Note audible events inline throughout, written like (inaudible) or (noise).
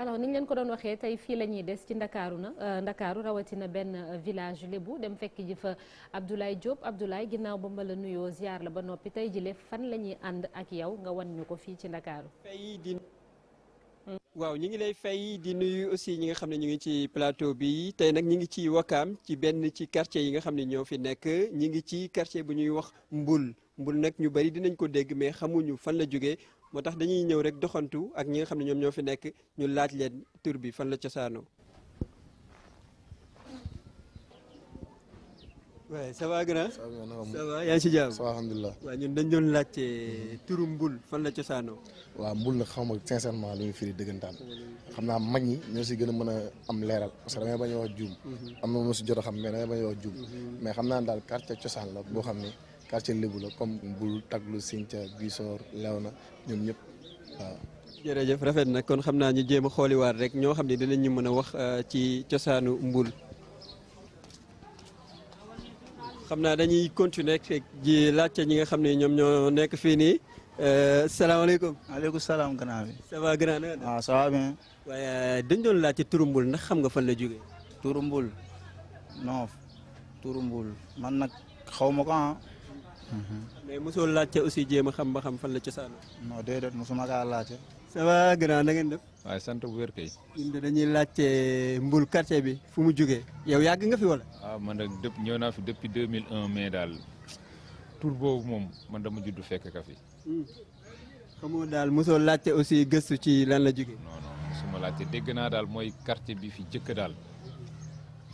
alors ni ñu leen ko doon waxee tey fii la ñuy des ci ndakaaru na euh, ndakaaru rawatina benn euh, village lébu dem fekk ji fa Abdoulaye Diop Abdoulaye ginnaaw ba mbala nuyoo ziar la ba noppi tey jile fan la ñuy ànd ak yow nga wan ñu ko fii ci ndakaaru waaw ñu ngi lay fay di nuyu aussi ñi nga xam ne ñu ngi ci plateau bi tey nag ñu ngi ci Wakaam ci benn ci quartier yi nga xam ne ñoo fi nekk ñu ngi ci quartier bu ñuy wax Mbul mbul nag ñu bari dinañ ko dégg mais xamuñu fan la jógee moo tax dañuy ñëw rek doxantu ak ñi nga xam ne ñoom ñoo fi nekk ñu laaj leen tur bi fan la cosaanoo. waaw ça va grand ça va yaa ngi si jàmm alhamdulilah waaw ñun dañ doon laajte turu mbul fan la cosaanoo. waa mbul nag xaw ma sincèrement lu muy firi dëggantaan xam naa mag ñi ñoo si gën a mën a am leeral parce que damay bañ a wax juum mhm. am na moo si jot a xam mais damay bañ a wax juum mhm. mais xam naa daal quartier cosaan la boo xam ne quartier Lébu la comme Mbul Taglu Sinca Bisor Léona ñoom ñëpp waaw. jërëjëf rafet nag kon xam naa ñu jéem a xooliwaat rek ñoo xam ne dinañ ñu mën a wax euh, ci cosaanu Mbul. xam naa dañuy continuer ji laajte ñi nga xam ne ñoom ñoo nekk fii nii euh, salaamaaleykum. maaleykum salaam grand bi. ça va grand na. waaw ah, ça va euh, dañ doon laajte turu Mbul ndax xam nga fan la jógee. turu Mbul non turu Mbul man nag xaw ma Mm-hmm. mais mosoo laajte aussi jéem a xam ba xam fan la cosaanu. non déedéet mosuma kaa laajte. ça va grand na ngeen def. waaye sant bu wér kay. dañuy laajte mbul quartier bi fu mu jógee yow yàgg nga fi wala. ah man ñëw naa fi depuis 2001 mais daal tur boobu moom man dama judd fekk ka fi. Hmm. xamoo daal mosoo laajte aussi gëstu ci lan la jógee. non non mosuma laajte dégg naa daal mooy quartier bi fi jëkk daal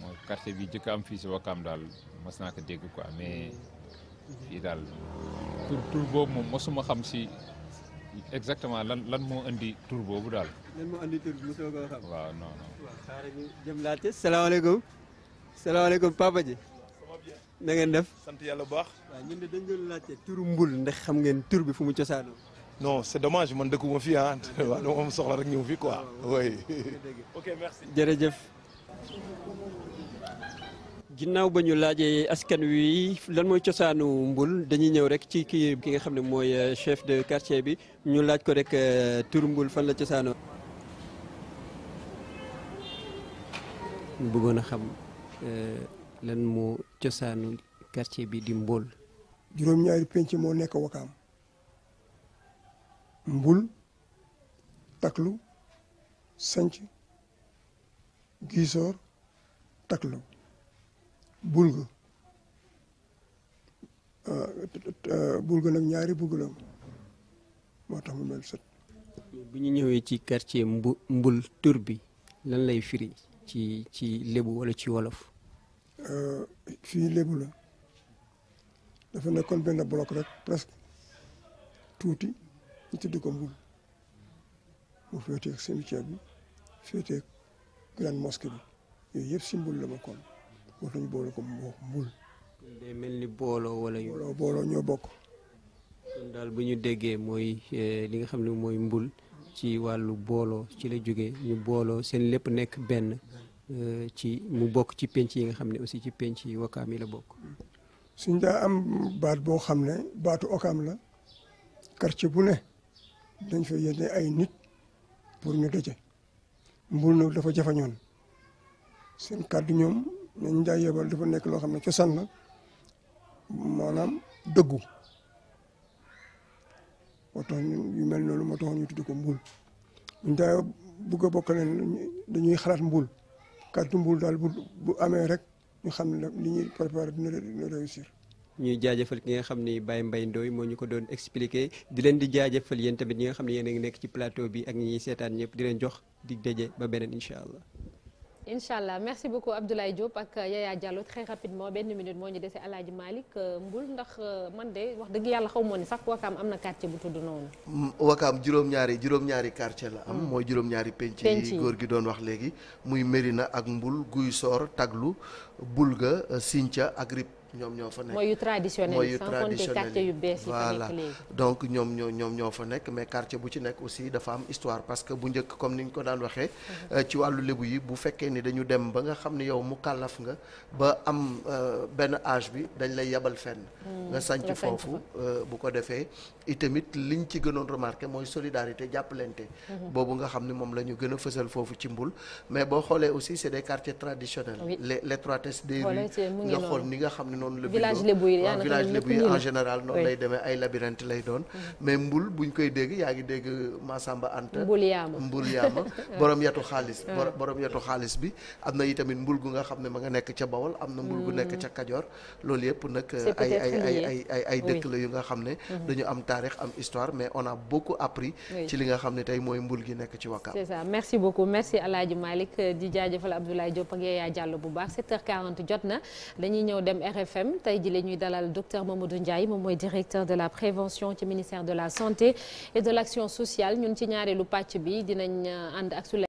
mooy quartier bi jëkk am fii si Wakaam daal mos naa ko dégg quoi mais. fii daal tur boobu moom mosuma xam si exactement lan lan moo indi tur boobu daal. lan moo indi tur bi mosoo ko xam. waaw non non. waaw xaaral ñu jëm laajte salaamaaleykum. salaamaaleykum papa ji. na ngeen def. sant yàlla bu baax. waaw ñun de dañu doon laajte turu mbul ndax xam ngeen tur bi fu mu cosaanoo. non c'est dommage man dëkkuma fi ah (laughs) waaw soxla rek ñëw fi quoi. oui. (laughs) ok jërëjëf. ginnaaw ba ñu laajee askan wi lan mooy cosaanu Mbul dañuy ñëw rek ci ki ki nga xam ne mooy euh, chef de quartier bi ñu laaj ko rek euh, tur fan la cosaanoo. ñu bëggoon a xam euh, lan moo cosaanu quartier bi di Mbul. juróom-ñaari penc moo nekk Wakaam Mbul Taklu Sanc Gisoor Taklu. bulgu ah, bulgu nag ñaari bulgu la moo tax mu mel sët bu ñu ñëwee ci quartier mbu mbul tur bi lan lay firi ci ci lébu walla ci wolof ah, fii lébu la dafa nekkoon benn bloc rek presque tuuti ñu tudd ko mbul mu féeteeg cimetière bi féeteeg grande mosquée bi yooyu yëpp si mbul la ma koon mosuñ boole ko mbul. day mel ni booloo wala yu. ñoo bokk. kon daal bu ñu déggee mooy eh, li nga xam ne mooy mbul ci wàllu booloo ci la jóge ñu booloo seen lépp nekk benn eh, ci mu bokk ci penc yi nga xam ne aussi ci penc yi wakaam yi la bokk. suñ daa am baat boo xam ne baatu okaam la quartier bu ne dañ fa yéene ay nit pour ñu daje mbul nag dafa jafañoon seen kàddu ñoom. mais njaay yobal dafa nekk loo xam ne cosaan la maanaam dëggu moo tax ñu mel noonu moo tax ñu tudd ko mbuul njaay bugg a bokk leen dañuy xalaat mbuul kàddu mbuul daal bu amee rek ñu xam ne li ñuy préparé dina dina réussir. ñuy jaajëfal ki nga xam ni Baye Mbaye ndooy moo ñu ko doon expliquer di leen di jaajëfal yéen tamit ñi nga xam ne yéen a ngi nekk ci plateau bi ak ñi ñuy seetaan ñëpp di leen jox di daje ba beneen incha allah. incha allah merci beaucoup Abdoulaye Diop ak Yaya Diallo très rapidement benn minute moo ñu dese El Hadj Malick euh, Mbul ndax euh, man de wax dëgg yàlla xaw moo ni sax Wakaam am na quartier bu tudd noonu. Mm, Wakaam juróom-ñaari juróom-ñaari quartier la am. Mm. mooy juróom-ñaari penc yi góor gi doon wax léegi. muy Merina ak Mbul Guy Soor Taglu Bulga Sintia ak Rip ñoom ñoo fa nekk mooy yu traditionnel mooy yu traditionnel quartier yu bees yi mais quartier bu ci nekk aussi dafa am histoire parce bu njëkk comme ni ñu ko daan waxee mhm. euh, ci wàllu lébu yi bu fekkee ni dañu dem ba nga xam ne yow mu kàllaf nga ba am euh, benn âge bi dañ lay yebal fenn hmm, nga sanc foofu euh, bu ko defee itamit liñ ci gënoon remarqué mooy solidarité jàppalante mhm. boobu nga xam ne moom la ñu a fësal foofu ci mbul mais boo xoolee aussi c'est des quartiers traditionnels l'étroitesse des de nga xool ni nga xam ne noonu la village lébu yi village lébu yi en général noonu lay demee ay labyrinthe lay doon mhm. mais mbul buñ koy dégg yaa ngi dégg Massamba Anta mbul yaama mbul yaama (laughs) borom yatu xaalis borom yatu xaalis bi am na itamit mbul gu nga xam ne ma nga nekk ca Bawol am na mbul gu nekk mm. ca Kajoor loolu yëpp nag ay dëkk la yu nga xam ne mhm. dañu am taarix am histoire mais on a beaucoup appris ci li nga xam ne tey mooy mbul gi nekk ci Wakam c'est ça merci beaucoup merci Alaaji Malick di jaajëfal Abdoulaye Diop ak Yaya Diallo FM tey jii la ñuy dalal docteur Mamadou Ndiaye moom mooy directeur de la prévention ci ministère de la santé et de l' action sociale ñun ci ñaareelu pàcc bi dinañ euh, ànd ak